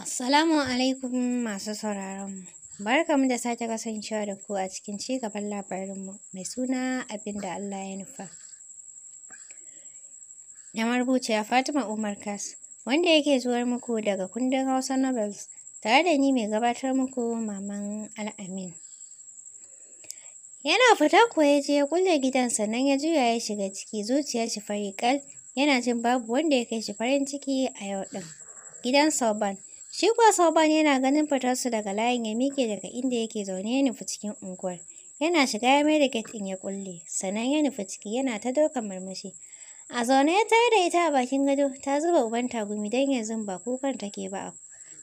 Assalamu alaikum masu sauraronmu. Barkamu da sake kasancewa da ku a cikin ci gaban labarinmu mai suna abin da Allah ya nufa. Na marubuciya Fatima Umar Kas, wanda yake zuwar muku daga kundin Hausa Novels, tare da ni mai gabatar muku Maman Al'amin. Yana fita kuwa ya je ya kulle gidan sannan ya juya ya shiga ciki zuciyar shi fari kal, yana jin babu wanda ya kai shi farin ciki a yau ɗin. Gidan Sauban, Shi kuwa Sauban yana ganin fitarsu daga layin ya miƙe daga inda yake zaune ya nufi cikin unguwar. Yana shiga ya mai da gatin ya kulle, sannan ya nufi ciki yana ta dokan murmushi. A zaune ya tayar da ita a bakin gado, ta zuba uban tagumi don yanzu ba kukan take ba.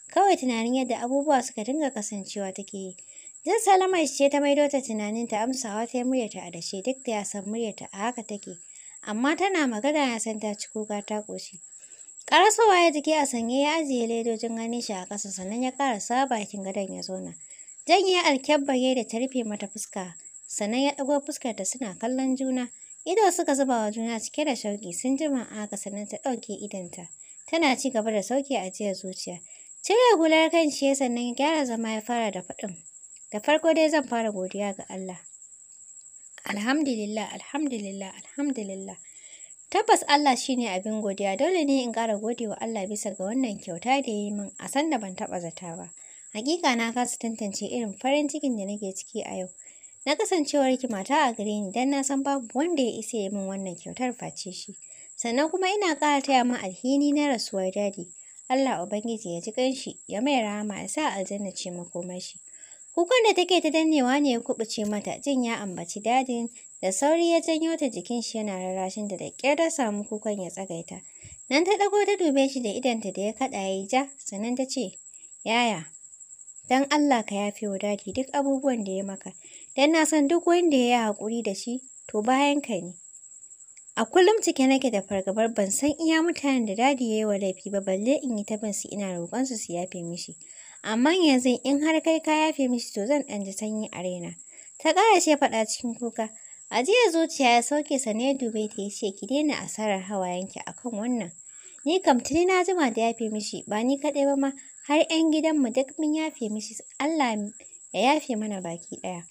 Kawai tunanin yadda abubuwa suka dinga kasancewa take yi. Jin salamar ce ta maido ta tunanin ta amsawa ta muryarta a dashe duk da ya san muryarta a haka take. Amma tana magana ya san ta ci kuka ta ƙoshi. karasowa ya jiki a sanye ya ajiye ledojin hannun shi a ƙasa sannan ya ƙarasa bakin gadon ya zauna. Janye alkyabbar da ta rufe mata fuska sannan ya ɗago fuskar ta suna kallon juna. Ido suka zuba wa juna cike da shauƙi sun jima a sannan ta ɗauke idanta Tana ci gaba da sauke jiya zuciya. Cire hular kan shi sannan gyara zama ya fara da faɗin. Da farko dai zan fara godiya ga Allah. Alhamdulillah, alhamdulillah, alhamdulillah. Tabbas Allah shi ne abin godiya, dole ne in ƙara gode Allah bisa ga wannan kyauta da ya yi min a sanda ban taɓa zata ba. Hakika na kasa tantance irin farin cikin da nake ciki a yau. Na kasancewar ki mata a gare ni don na san babu wanda ya isa ya min wannan kyautar face shi. Sannan kuma ina ƙara taya min alhini na rasuwar dadi. Allah Ubangiji ya ji ƙanshi, ya mai rahama ya sa aljanna ce makomar shi. Kukan da take ta dannewa ne ya kubuce mata, jin ya ambaci dadin da sauri ya janyo ta jikin shi yana rarashin da da kyar samu kukan ya tsagaita. Nan ta ɗago ta dube shi da idanta da ya kaɗa ya yi ja, sannan ta ce, Yaya, don Allah ka yafe wa dadi duk abubuwan da ya maka, Dan na san duk wanda ya yi haƙuri da shi, to bayan ka ne. A kullum cike nake da fargabar ban san iya mutanen da dadi ya yi wa laifi ba balle in yi ta bin su ina roƙon su su yafe mishi. Amma yanzu in har kai ka yafe mishi to zan ɗan ji sanyi a raina. Ta ƙara ce faɗa cikin kuka. A jiya zuciya ya sauke sane dube ta ya ce ki daina asarar hawayenki akan wannan. Ni kam tuni na jima da yafe mishi ba ni kaɗai ba ma har 'yan gidanmu duk mun yafe mishi Allah ya yafe mana baki ɗaya.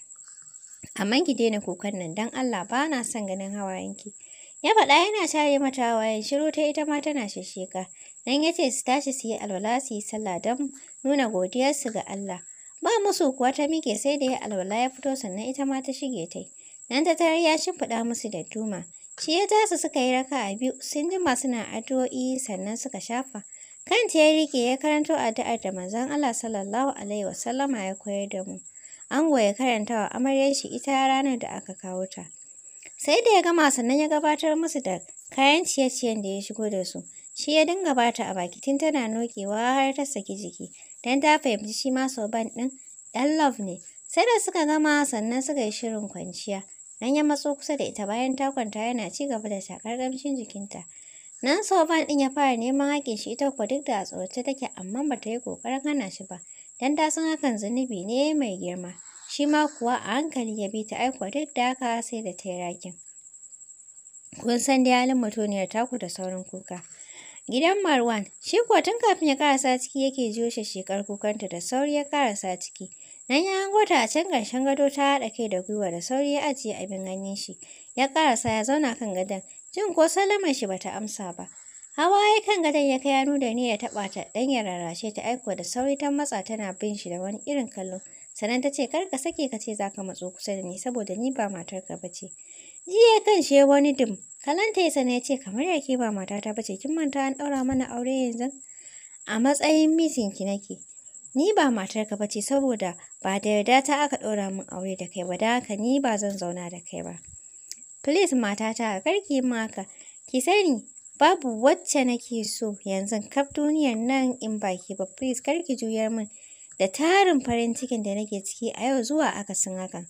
Amma ki daina kukan nan don Allah ba na son ganin hawayenki. Ya faɗa yana share mata hawayen shiru ta ita ma tana shisheka. Nan ya ce su tashi su yi alwala su yi sallah don nuna godiyarsu ga Allah. Ba musu kuwa ta mike sai da ya alwala ya fito sannan ita ma ta shige ta Nan ta tarar ya shimfiɗa musu da duma. Shi ya tasu suka yi raka a biyu sun jima suna addu'o'i sannan suka shafa. Kanta ya rike ya karanto addu'ar da manzon Allah sallallahu alaihi wasallama ya koyar da mu. Ango ya karanta wa amaryar shi ita ranar da aka kawo ta. Sai da ya gama sannan ya gabatar musu da kayan ciye-ciyen da ya shigo da su. Shi ya dinga ba ta a baki tun tana nokewa har ta saki jiki, don ta fahimci shi ma ban ɗin ɗan love ne. Sai da suka gama sannan suka yi shirin kwanciya. Nan ya matso kusa da ita bayan ta kwanta yana ci gaba da shakar ƙamshin jikinta. Nan soban ɗin ya fara neman haƙin shi ita kuwa duk da a tsorace take amma ba ta yi ƙoƙarin hana shi ba, don ta san hakan zunubi ne mai girma. Shi ma kuwa a hankali ya bi ta aiko duk da haka sai da ta yi rakin. Kun san dai halin mutuniyar taku da saurin kuka. Gidan Marwan, shi kuwa tun kafin ya karasa ciki yake joshe shekar kukanta da sauri ya karasa ciki. Nan ya hango ta a can ƙarshen gado ta haɗa kai da gwiwa da sauri ya ajiye abin ganin shi. Ya karasa ya zauna kan gadon, jin ko salaman shi bata amsa ba. Hawa ya kan gadon ya kai hannu da ya taɓa ta ɗan ya rarrashe ta aiko da sauri ta matsa tana bin shi da wani irin kallo. Sannan ta ce kar ka sake ka ce za ka matso kusa da ni saboda ni ba matarka ba ce. Jiya kan shi wani dim, kalanta ya sana ya ce kamar ya ke ba matata ba ce kin manta an ɗaura mana aure yanzu a matsayin ki nake. Ni ba matarka ba ce saboda ba da yarda ta aka ɗaura min aure da kai ba da haka ni ba zan zauna da kai ba. Please matata a karki maka, ki sani babu wacce nake so yanzu kaf duniyar nan in baki ba please karki juyar min da tarin farin cikin da nake ciki a yau zuwa akasin hakan.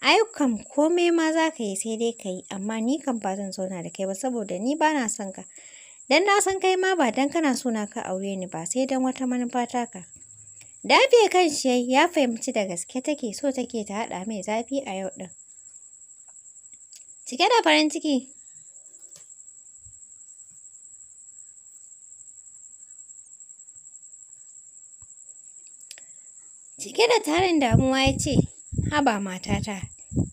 ayyukan komai ma za ka yi sai dai ka yi, amma ni kan ba zan zauna da kai ba saboda ni ba na son ka. Dan na san kai ma ba dan kana so na ka aure ni ba sai dan wata manufa ka. Dafiye kan shi ya fahimci da gaske take so take ta haɗa mai zafi a yau ɗin. Cike da farin ciki, Cike da tarin damuwa ya ce, Haba matata,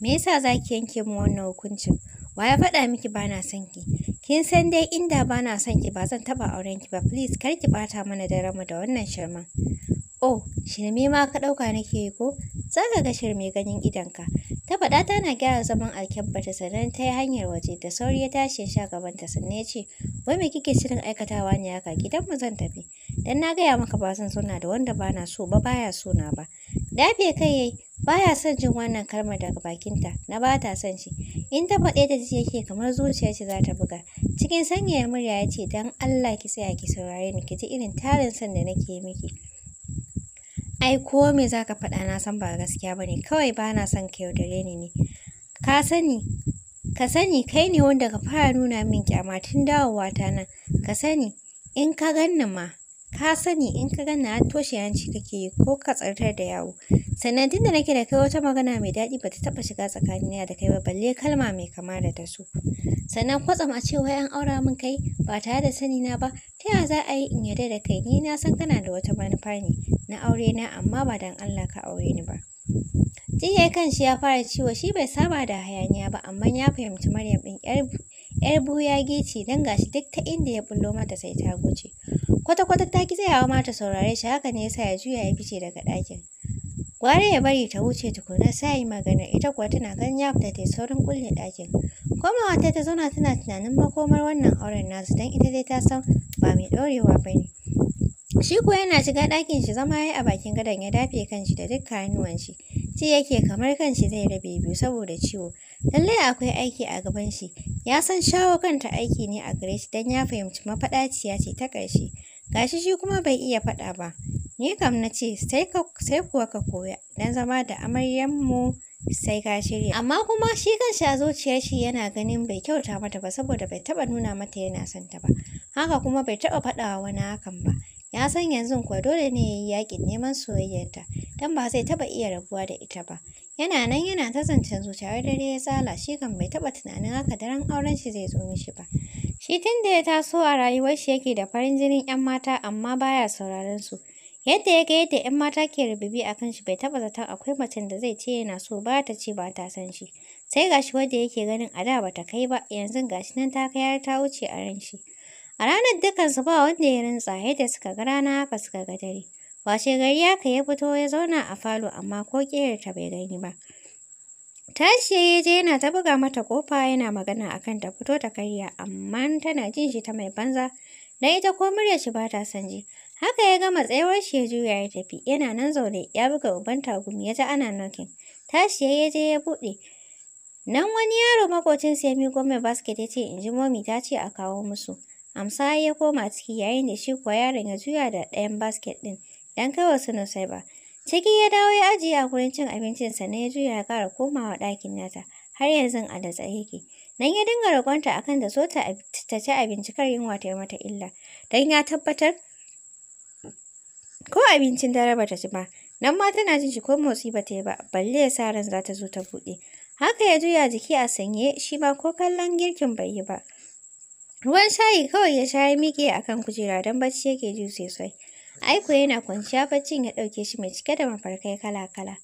me yasa za ki yanke min wannan hukuncin? Wa ya faɗa miki bana na son ki? Kin san dai inda ba na son ki ba zan taɓa auren ki ba. Please kar ki ɓata mana da mu da wannan shirman. Oh, shirme ma ka ɗauka nake yi ko? Za ka ga shirme ganin idonka. Ta faɗa tana gyara zaman alkyabbata sannan ta yi hanyar waje da sauri ya tashi ya sha gabanta sannan ya ce, Wai me kike shirin aikatawa ne haka mu zan tafi. Dan na gaya maka ba zan zauna da wanda bana so ba baya so na ba. Dafe kai yayi baya son jin wannan kalmar daga bakinta na ba ta son shi in ta faɗe ta ji yake kamar zuciyar shi za ta buga cikin sanyaya murya ya ce don allah ki tsaya ki saurare ni ki ji irin tarin son da nake miki ai ko me za ka faɗa na san ba gaskiya ba ne kawai ba na son ka yaudare ni ne ka sani ka sani kai ne wanda ka fara nuna min kyama tun dawowa ta nan ka sani in ka ganni ma ka sani in ka gana toshe hanci kake yi ko ka tsartar da yawo sannan tunda nake da kai wata magana mai daɗi bata taɓa shiga tsakanina da kai ba balle kalma mai kama da ta so sannan kwatsam a cewa an aura min kai ba tare da sani na ba ta yaya za a yi in yarda da kai ni na san kana da wata manufa ne na aure na amma ba dan Allah ka aure ni ba jiya shi ya fara ciwo shi bai saba da hayaniya ba amma ya fahimci Maryam ɗin yar 'yar ya gici don gashi duk ta inda ya bullo mata sai ta guje Kwata-kwata ta ki tsayawa ma ta saurare shi haka ne yasa ya juya ya fice daga ɗakin. Gware ya bari ta wuce tukuna sai yi magana ita kuwa tana ganin ya fita ta saurin kulle ɗakin. Komawa ta ta zauna tana tunanin makomar wannan auren nasu don ita dai ta san ba mai ɗorewa ba ne. Shi kuwa yana shiga ɗakin shi zama ya yi a bakin gadon ya dafe kan shi da dukkan hannuwan shi. Ci yake kamar kan shi zai rabe biyu saboda ciwo. Lallai akwai aiki a gaban shi, ya san shawo kanta aiki ne a gare shi don ya fahimci mafaɗaciya ce ta ƙarshe. Gashi shi kuma bai iya faɗa ba. Ni kam na ce sai kuwa ka koya don zama da mu sai ka shirya. Amma kuma shi kan sha zuciyar shi yana ganin bai kyauta mata ba saboda bai taɓa nuna mata yana son ta ba. Haka kuma bai taɓa faɗawa wani hakan ba. Ya san yanzu kuwa dole ne ya yi yaƙin neman soyayyarta don ba zai taɓa iya rabuwa da ita ba. Yana nan yana ta zancen zuciya dare ya tsala shi kan bai taɓa tunanin haka daren auren shi zai zo mishi ba. Shi tun da ya taso a rayuwar shi yake da farin jinin 'yan mata amma baya sauraron su. Yadda ya ga yadda 'yan mata ke rububi a kan shi bai taɓa zaton akwai macen da zai ce yana so ba ta ce ba ta san shi. Sai gashi wadda yake ganin a da ba ta kai ba yanzu gashi nan ta kai ta wuce a ran shi. A ranar dukansu ba wanda ya rantsa yadda suka ga rana haka suka ga dare. Washe gari haka ya fito ya zauna a falo amma ko ta bai gani ba. Tashi ya je yana ta buga mata kofa yana magana akan ta fito ta karya amma tana jin shi ta mai banza na ita ko muryar shi ba ta son ji. Haka ya gama tsayuwar shi ya juya ya tafi yana nan zaune ya buga uban tagumi ya ji ana nokin. Tashi ya je ya buɗe. Nan wani yaro makocin sai mi basket ya ce in ji momi ta ce a kawo musu. Amsa ya koma ciki yayin da shi kuwa yaron ya juya da ɗayan basket ɗin don kawai su ba Ciki ya dawo ya ajiye a gurin cin abincin sa ne ya juya ya kara komawa ɗakin nata har yanzu a da yake. Nan ya dinga roƙonta akan da so ta ci abinci kar yunwa ta yi mata illa Dan ya tabbatar ko abincin dare ba ta ci ba. Nan ma tana jin shi ko motsi ba ta yi ba balle ya sa ran za ta zo ta buɗe. Haka ya juya jiki a sanye shi ma ko kallon girkin bai yi ba. Ruwan shayi kawai ya sha ya miƙe a kan kujera don bacci yake ji sosai. Aiko yana kwanciya baccin ya ɗauke shi mai cike da mafarkai kala-kala.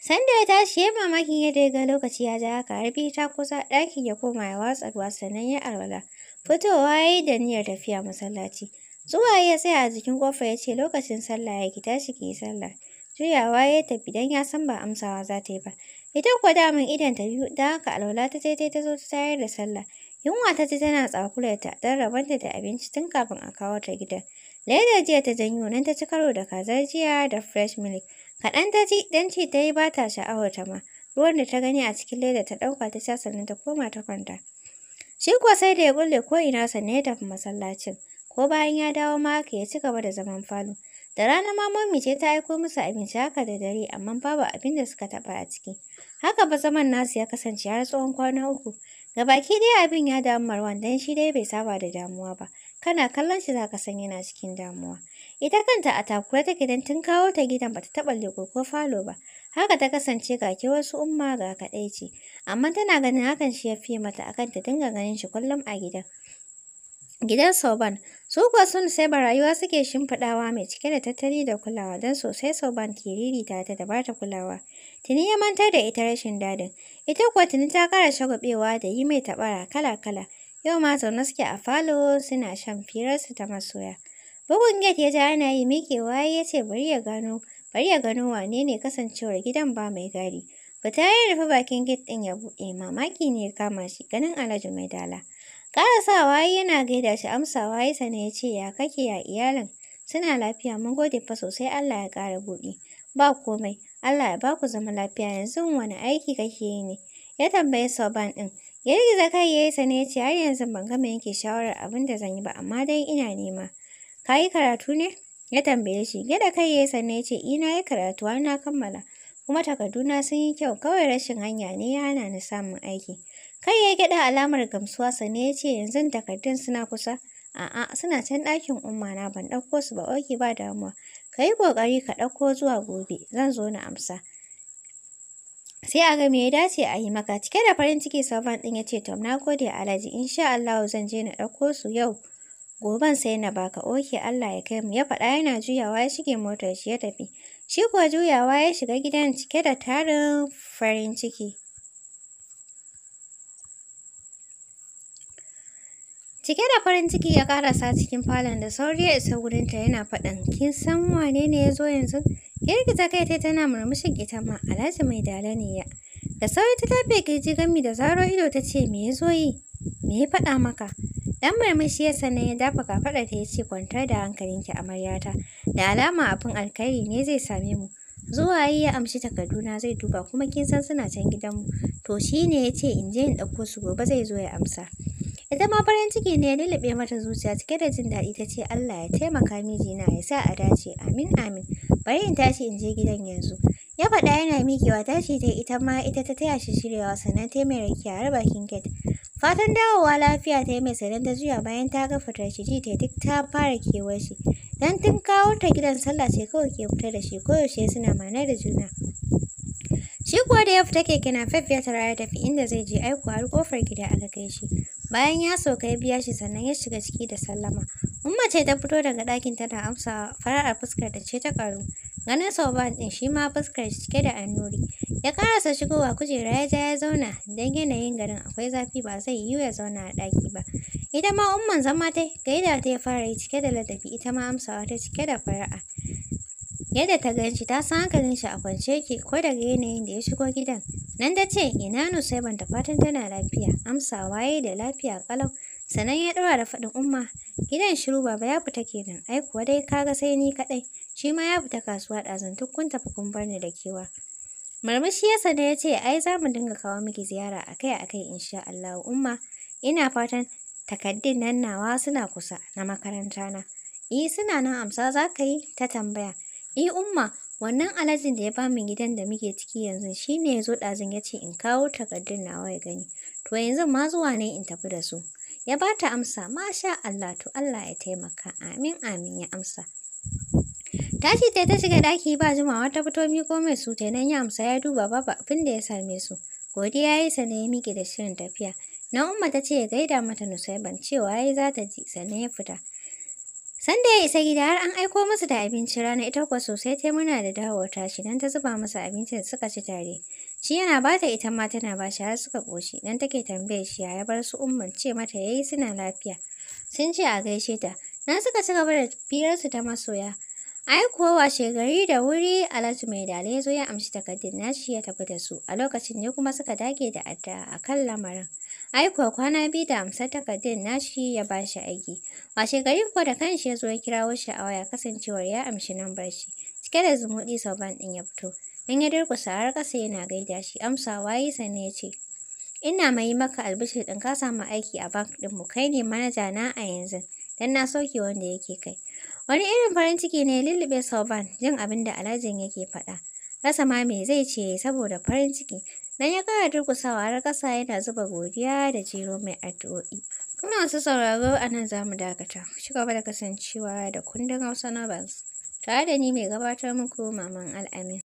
Sanda ya tashi ya mamakin yadda ya ga lokaci ya ja haka har biyu ta kusa ɗakin ya koma ya watsa ruwa sannan ya alwala. Fitowa ya yi da niyyar tafiya masallaci. Zuwa ya tsaya a jikin ƙofar ya ce lokacin sallah ya ki tashi ki yi sallah. Juyawa ya tafi don ya san ba amsawa za ta yi ba. Ita kuwa daman idon ta biyu Dan haka alwala ta taitai ta zo ta tayar da sallah. Yunwa ta ce tana tsakularta don rabanta da abinci tun kafin a kawo ta gidan. Leda jiya ta janyo nan ta ci karo da kazar jiya da fresh milk. Kaɗan ta ji don ce ta yi ba ta sha'awar ta ma. Ruwan da ta gani a cikin leda ta ɗauka ta sha sannan ta koma ta kwanta. Shi kuwa sai da ya ko ina sannan ya tafi masallacin. Ko bayan ya dawo ma haka ya ci gaba da zaman falo. Da rana ma mommy ce ta aiko musu abinci haka da dare amma babu abin da suka taɓa a ciki. Haka ba zaman nasu ya kasance har tsawon kwana uku. Gabaki dai abin ya damu Marwan don shi dai bai saba da damuwa ba. kana kallon shi zaka san yana cikin damuwa ita kanta a takura take dan tun kawo ta gidan bata taba leko ko falo ba haka ta kasance ga ke wasu umma ga kaɗai ce amma tana ganin hakan shi ya mata akan ta dinga ganin shi kullum a gidan Gidan soban su kuwa sun sai rayuwa suke shimfiɗawa mai cike da tattali da kulawa don sosai soban ke ririta ta da bata kulawa. Tuni ya mantar da ita rashin dadin, ita kuwa tuni ta kara shagubewa da yi mai taɓara kala-kala. Yau ma zaune suke a falo suna shan firarsu ta masoya. Bugun gate ya ja ana yi miƙewa ya ce bari ya gano bari ya gano wane ne kasancewar gidan ba mai gari. Fita ya rufe bakin gate ɗin ya buɗe mamaki ne ya kama shi ganin Alhaji mai dala. Ƙarasawa yana gaida shi amsawa ya sana ya ce ya kake ya iyalin suna lafiya mun gode fa sosai Allah ya ƙara buɗe. Ba komai Allah ya ba ku zama lafiya yanzu wani aiki kake yi ne ya tambayi Soban ɗin. Girgiza kai ya yi sane ya ce har yanzu ban gama yake shawarar abin da zan yi ba amma dai ina nema. Ka yi karatu ne? Ya tambaye shi. Gyaɗa kai ya yi sane ya ce ina yi karatu har na kammala. Kuma takarduna sun yi kyau kawai rashin hanya ne ya hana ni samun aiki. Kai ya gyaɗa alamar gamsuwa sane ya ce yanzu takardun suna kusa. A'a suna can ɗakin umma na ban ɗauko su ba oke ba damuwa. Ka yi ƙoƙari ka ɗauko zuwa gobe zan zo na amsa. sai a ga me ya dace a yi maka cike da farin ciki Savan ɗin ya ce Tom na gode Alhaji insha Allah zan je na ɗauko su yau goben sai na baka oke Allah ya kai mu ya faɗa yana juyawa ya shige motar shi ya tafi shi kuwa juyawa ya shiga gidan cike da tarin farin ciki Cike da farin ciki ya karasa cikin falon da sauri ya isa wurinta yana faɗan. kin san wane ne ya zo yanzu? Girgiza kai ta tana murmushin ita ma Alhaji mai dala ne ya. Da sauri ta tafe kirji gami da zaro ido ta ce me ya zo yi? Me ya faɗa maka? Dan murmushi ya sannan ya dafa kafaɗa ta ya ce kwantar da hankalinki amaryata. Da alama abin alkhairi ne zai same mu. Zuwa yi ya amshi takarduna zai duba kuma kin san suna can gidanmu. To shi ne ya ce in je in ɗauko su gobe zai zo ya amsa. ita ma farin ciki ne ya lullube mata zuciya cike da jin daɗi ta ce Allah ya taimaka mijina ya sa a dace amin amin bari in tashi in je gidan yanzu ya faɗa yana miƙewa tashi ta ita ma ita ta taya shi shiryawa sannan ta mai rake har bakin kinket. fatan dawowa lafiya ta yi mai sannan ta juya bayan ta ga fitar shi ji ta duk ta fara kewar shi dan tun kawo ta gidan sallah ce kawai ke fita da shi koyaushe suna mana da juna Shi kuwa da ya fita keke na ya tara ya tafi inda zai je aiko har kofar gida aka kai shi. Bayan ya soka ya biya shi sannan ya shiga ciki da sallama. Umma ce ta fito daga ɗakin tana amsa fara'ar fuskar da ce ta karu Ganin sau ba ɗin shi ma fuskar cike da annuri. Ya karasa shigowa kujera ya ja ya zauna don yanayin garin akwai zafi ba zai yiwu ya zauna a ɗaki ba. Ita ma umman zama ta gaida ta ya fara yi cike da ladabi ita ma amsawa ta cike da fara'a. Yadda ta ganshi ta san hankalin shi a kwance ke ko daga yanayin da ya shigo gidan. Nan ta ce, ina nusai da fatan tana lafiya, Amsa, waye da lafiya kalau. Sannan ya ɗora da faɗin umma, gidan shiru baba ya fita kenan, ai kuwa dai kaga sai ni kaɗai. Shi ma ya fita kasuwa ɗazun duk kun tafi kun bar da kewa. Marmashi ya sana ya ce, ai za mu dinga kawo miki ziyara akai-akai insha Allah umma. Ina fatan takaddun nan nawa suna kusa na makaranta na. E, eh, suna nan amsa za ka yi ta tambaya. E, umma Wannan alazin da ya ba min gidan da muke ciki yanzu shi ne ya zo ɗazun ya ce in kawo takardun nawa ya gani. To yanzu ma zuwa ne in tafi da su. Ya ba ta amsa, masha Allah, to Allah ya taimaka, amin amin ya amsa. Ta ce ta shiga ɗaki ba jimawa ta fito miko mai su nan ya amsa ya duba babu abin da ya same su. Godiya ya yi sane ya miƙe da shirin tafiya. umma ta ce ya gaida mata Nusaiban cewa ya yi za ta ji sannan ya fita. Sanda ya isa gida har an aiko musu da abinci rana ita kuwa sosai ta muna da dawowar tashi don ta zuba musu abincin suka ci tare. Shi yana ba ta ita ma tana ba shi har suka ƙoshi don take tambaye shi ya bar su umman ce mata ya yi suna lafiya. Sun ce a gaishe ta. Na suka ci gaba da su ta masoya. Ai kuwa washe gari da wuri Alhaji mai dale ya zo ya amshi takardun nashi ya tafi da su a lokacin ne kuma suka dage da addu'a a kan lamarin. Ai kuwa kwana biyu da amsa takardun nashi ya ba shi aiki. Washe gari kuwa da kanshi ya zo ya kirawo shi a waya kasancewar ya amshi lambar shi. Cike da zumuɗi ban ɗin ya fito. Dan ya durƙusa har ƙasa yana gaida shi Amsa, waye sannan ya ce ina mai maka albishir ɗin ka samu aiki a bank mu kai ne manaja na a yanzu dan na sauke wanda yake kai. Wani irin farin ciki ne ya lullube ban jin abin da alhajin yake faɗa. Rasa ma me zai ce saboda farin ciki Nan ya kara durkusawa har ƙasa yana zuba godiya da jero mai addu'o'i. Kuma masu sauraro a nan za mu dakata. Ci gaba da kasancewa da kundin Hausa Bas. Tare da ni mai gabatar muku Maman Al'amin.